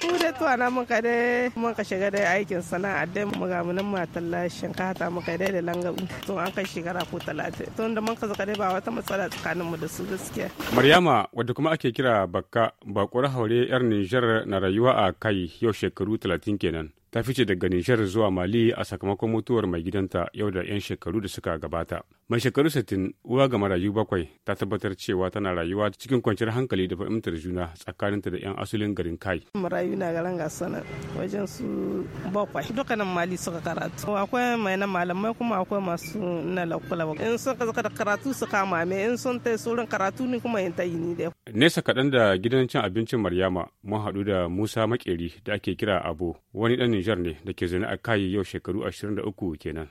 ku da tuwa na muka dai ka shiga dai aikin sana'a dai muga munan matan lashin ka ta muka dai da langabu tun an kai shekara ko talatin tun da ka zaka dai ba wata matsala tsakanin mu da su gaskiya. Maryama wadda kuma ake kira bakka bakwar haure yar Nijar na rayuwa a kai yau shekaru talatin kenan. ta fice daga Nijar zuwa Mali a sakamakon mutuwar mai gidanta yau da 'yan shekaru da suka gabata. Mai shekaru 60 uwa ga marayu bakwai ta tabbatar cewa tana rayuwa cikin kwanciyar hankali da fahimtar juna tsakaninta da 'yan asulin garin Kai. Marayu na garin gasana wajen su bakwai dukkanin Mali suka karatu. Akwai mai na malamai kuma akwai masu na lakula. In sun ka karatu su kama mai in sun sauran karatu ni kuma ta yi ni da Nesa kaɗan da gidan cin abincin Maryama mun haɗu da Musa Makeri da ake kira Abo, wani ɗan Nijar ne da ke zaune a kayi yau shekaru 23 kenan.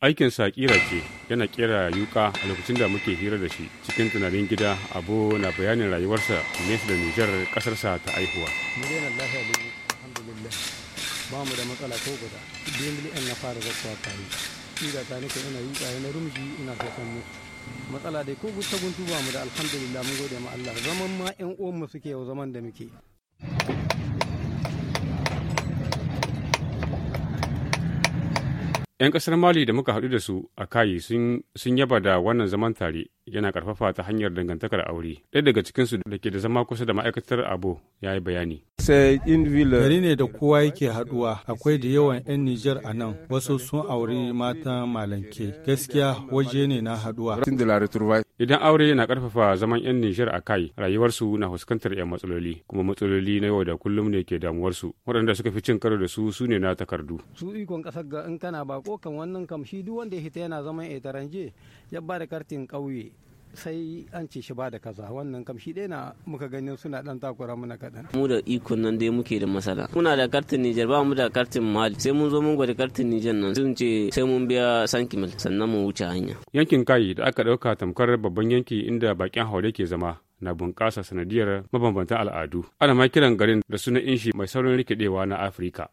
aikin sa kira ke yana ƙera yuka a lokacin da muke hira da shi cikin tunanin gida Abo na bayanin rayuwarsa nesa da Nijar ƙasarsa ta aihuwa. ba da matsala ko guda biyan na fara ta nake ina matsala dai ko ta guntu ba mu da alhamdulillah mun gode ma Allah zaman ma yan uwan mu suke yau zaman da muke yan kasar mali da muka haɗu da su a kayi sun yaba da wannan zaman tare yana karfafa ta hanyar dangantakar aure ɗaya daga cikinsu da ke da zama kusa da ma'aikatar abo ya yi bayani gari ne da kowa yake haduwa akwai da yawan 'yan nijar a nan wasu sun auri mata malanke gaskiya waje ne na haduwa idan aure yana karfafa zaman 'yan nijar a kai rayuwarsu na fuskantar 'yan matsaloli kuma matsaloli na yau da kullum ne ke damuwarsu waɗanda suka fi cin karo da su su ne na takardu su ikon ƙasar ga in kana bako kan wannan kam shi duk wanda ya hita yana zaman etaranje ya ba da kartin ƙauye sai an ce shi ba da kaza wannan kam shi ɗaya na muka ganin suna ɗan takura muna kadan mu da ikon nan dai muke da masala muna da kartin nijar ba mu da kartin mali sai mun zo mun gwada kartin nijar nan sun ce sai mun biya sankimil sannan mu wuce hanya. yankin kayi da aka ɗauka tamkar babban yanki inda bakin haure ke zama na bunƙasa sanadiyar mabambantan al'adu ana ma kiran garin da sunan inshi mai saurin rikidewa na afirka.